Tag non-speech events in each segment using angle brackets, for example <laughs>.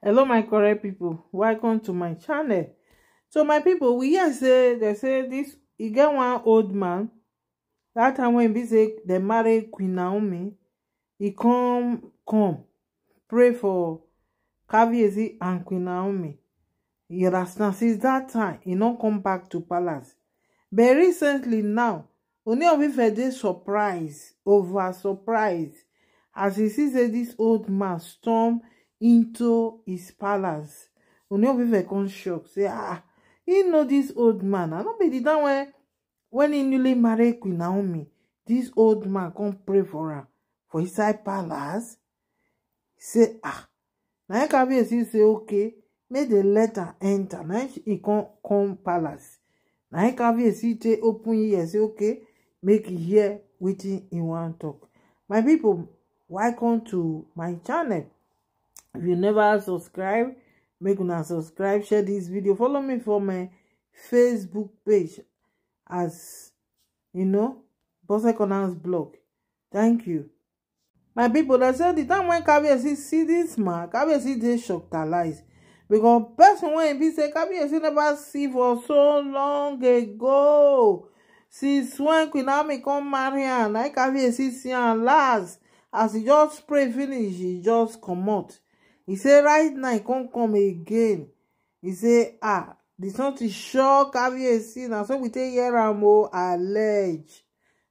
hello my correct people. welcome to my channel so my people, we hear say they say this. He get one old man That time when e be say they marry queen naomi he come come pray for Kaviezi and queen naomi e understand since that time he don't come back to palace but recently now Ooni of Ife dey surprise over surprise as he sees this old man storm into his palace onyofufe come shock say ah he know this old man i no be the time when he newly married queen naomi this old man come pray for her for his side palace He say ah na him kabir see say okay make the letter enter na he come come palace na him kabir see take open ear say okay make you hear wetin you wan talk my people welcome to my channel if you never subscribe make una subscribe share this video follow me for my facebook page as you know bose corners blog thank you my people. dem said the time when kabiyesi see dis man kabiyesi dey shocked because person wey be say kabiyesi never see for so long ago since wen queen ami come marry am na kabiyesi see am last as he just pray finish he just come out. He say right now he can't come again He say ah this not something shock Have you seen? na so we take hear am o oh, allege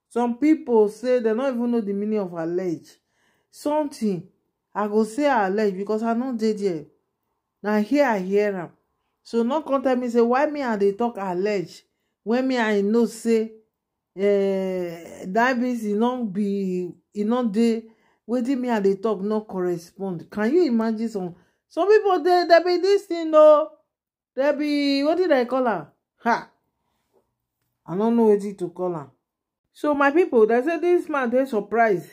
some people say they don't even know the meaning of allege something i go say allege because i no dead yet. Now here i hear him. so no come tell me say why me and they talk allege when me i know say eh that means e not be e not dey wetin me i dey talk no correspond can you imagine some some people there. There be this thing o There be what did I call her? ha i don't know wetin to call her. so my people, they say this man they surprise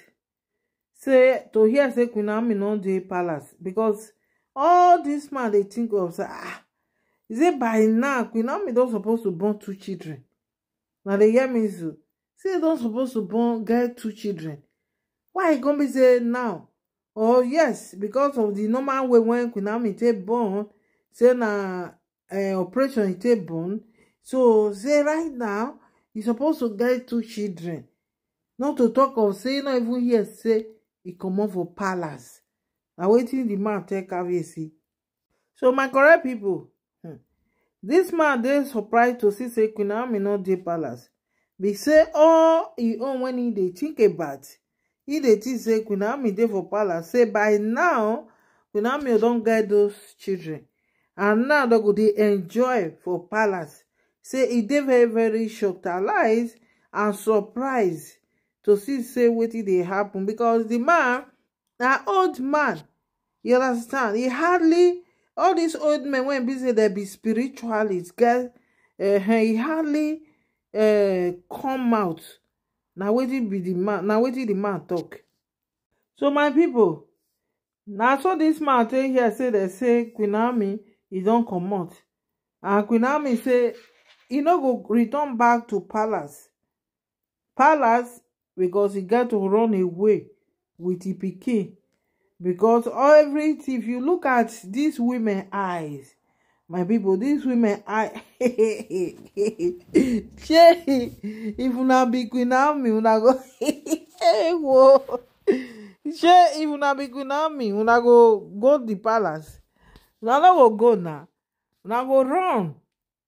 say to hear say queen Ami no dey palace because all this man they think of say ah is it by now queen Ami don't supposed to born two children Now dey hear me so See, e don suppose to born get two children why e gonna be say now Oh yes because of the normal way wen kunami take born say na eh, operation he take born so say right now e supposed to get two children not to talk of say not even here say e comot for palace na waiting the man tell caviarcy so my correct people, hmm, this man they surprised to see say queen Ami no dey palace be say all he own when he they think about e dey think say queen naomi dey for palace say by now queen naomi don get those children and now dem go dey enjoy for palace say e dey very very shocked alive and surprised to see say wetin dey happen because the man na old man you understand he hardly all these old men wey be say dem be spiritualists get uh, e hardly uh, come out na wetin be di man na wetin the man talk. so my people, na so this man take here say they say queen army e don comot and queen army say he no go return back to palace palace because he got to run away wit e pikin becos every if you look at these women eyes my people these women i <laughs> shey if una be queen naomi una go <laughs> hey wo shey if una be queen of me, naomi una go go the palace una no go go na una go run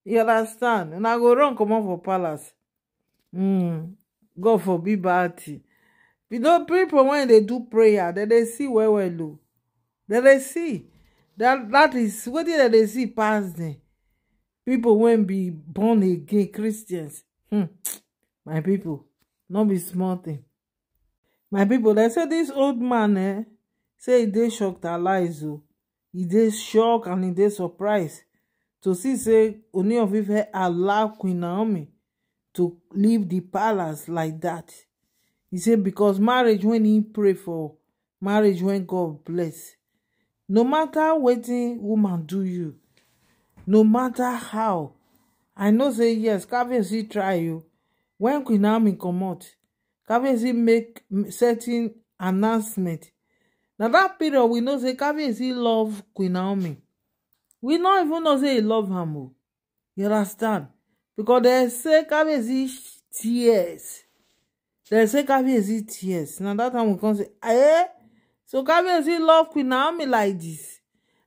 you understand una go run come on for palace mm. for be bad you know people when they do prayer dem they see where well o oh. dem they see that that is wetin dem dey see pass dem pipo wey be born again christians hmm my pipo no be small tin my pipo dem say dis old man eh say e dey shocked alize o e dey shocked and e dey surprised to see say oni of ife allow queen naomi to leave di palace like dat e say because marriage wen e pray for marriage wen god bless no mata wetin woman do you no mata how i know say yes kabezi try wen naomi comot kabezi make certain announcement na dat period we know say kabezi love queen naomi we no even know say e love am o you understand because dem say kabezi tears dem say kabezi tears na dat time we come say eh so kabiyesi love queen naomi like this.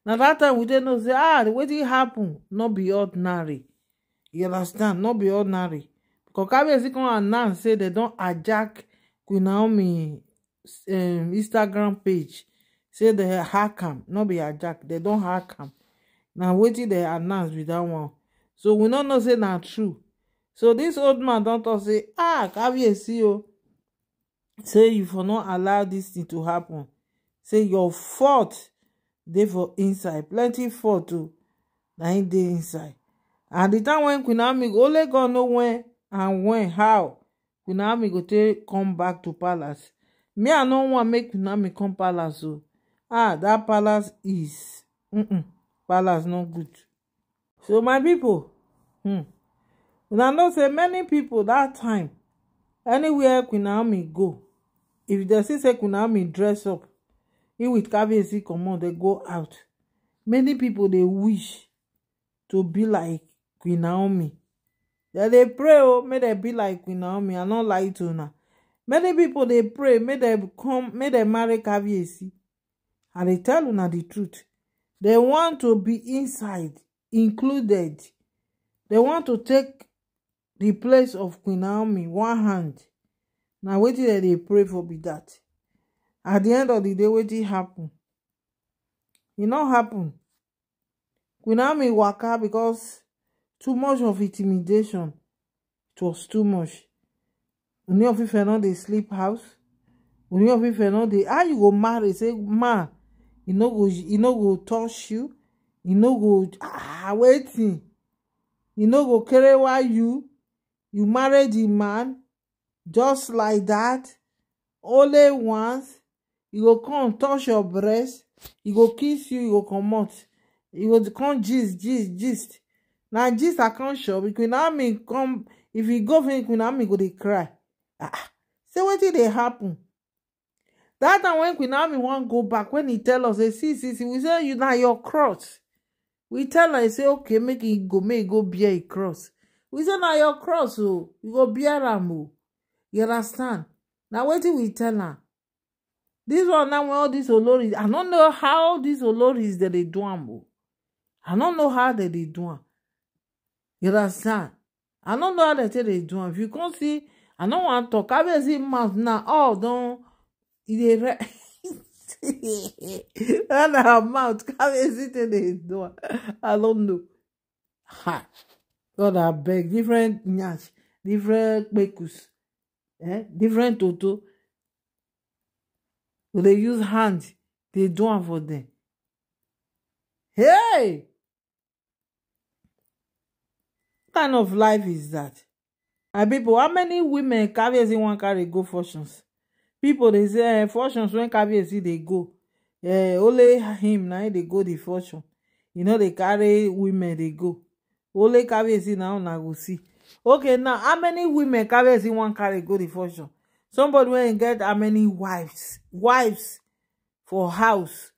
Now that time we dey know say ah the way it happened not be ordinary you understand Not be ordinary because kabiyesi come announce say they don't hijack queen naomi um, instagram page say they hack am Not be hijack They don't hack Now na wetin they announce with that one so we don't know say na true so this old man don't tok say ah kabiyesi o say you for no allow this thing to happen say your fault dey for inside plenty fault too. na im dey inside and the time when queen army go only god know when and when how queen army go take come back to palace me i no wan make queen army come palace o oh. ah that palace is mm palace no good so my people, hmm una know say many people that time anywhere queen army go if dem see say queen army dress up He with Kabiyesi comot they go out many people they wish to be like Queen Naomi dem dey pray oh, may they be like Queen Naomi i no like to una many people they pray may they come may they marry Kabiyesi and they tell una the truth They want to be inside included They want to take the place of queen naomi one hand Now, what dem they pray for be that at the end of the day wetin happen e no happen We queen army waka because too much of intimidation it was too much oni of ife no dey sleep house oni of ife no dey how you go marry say man e no go e no go touch you e no go ah wetin e no go why you you marry di man just like dat only once e go come touch your breast He go kiss you e go comot He go come gist gist gist Now gist i can't show because now me come if he go finish queen army go they cry ah say what did they happen That time when queen army wan go back when he tell us say see see see we say you now your cross we tell her say okay make e go make e go bear e cross we say now your cross oh, you go bear am o oh. you understand Now what wetin we tell her? this one na all dis olori i no know how oloris olorri dey do am o oh. i no know how they dey do am you understand i no know how dem say dey do am if you come see i no wan talk kabeesi mouth na all oh, don e dey rest <laughs> and her mouth kabeesi sey dey do am i no know ha so abeg different nyash different kpekus eh? different toto. we dey use hand dey do am for dem hey what kind of life is that? my people, how many women carry caviezi wan carry go fortunes People dey say eh, fortunes when wen caviezi they go Eh, only him now they go the fortune You know they carry women they go only carry caviezi now. Now go see okay now how many women carry caviezi wan carry go di fortune somebody wey get how many wives wives for house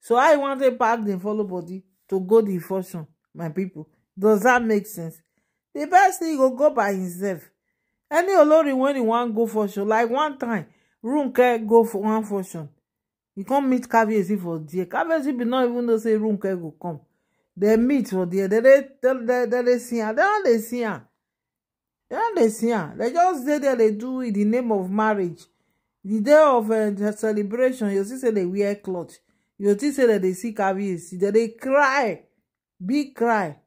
so I you wan take pack dey follow body to go the function my people does that make sense the best thing go go by himself any olori when he wan go function like one time runke go for one fortune. e come meet kabiyesi for there kabiyesi be not even know say runke go come They meet for there They they they they see am They no they see am you no dey see am dem just say there they do in the name of marriage the day of uh, celebration you see say dem wear clothes. you see say dem dey see cavies They they cry big cry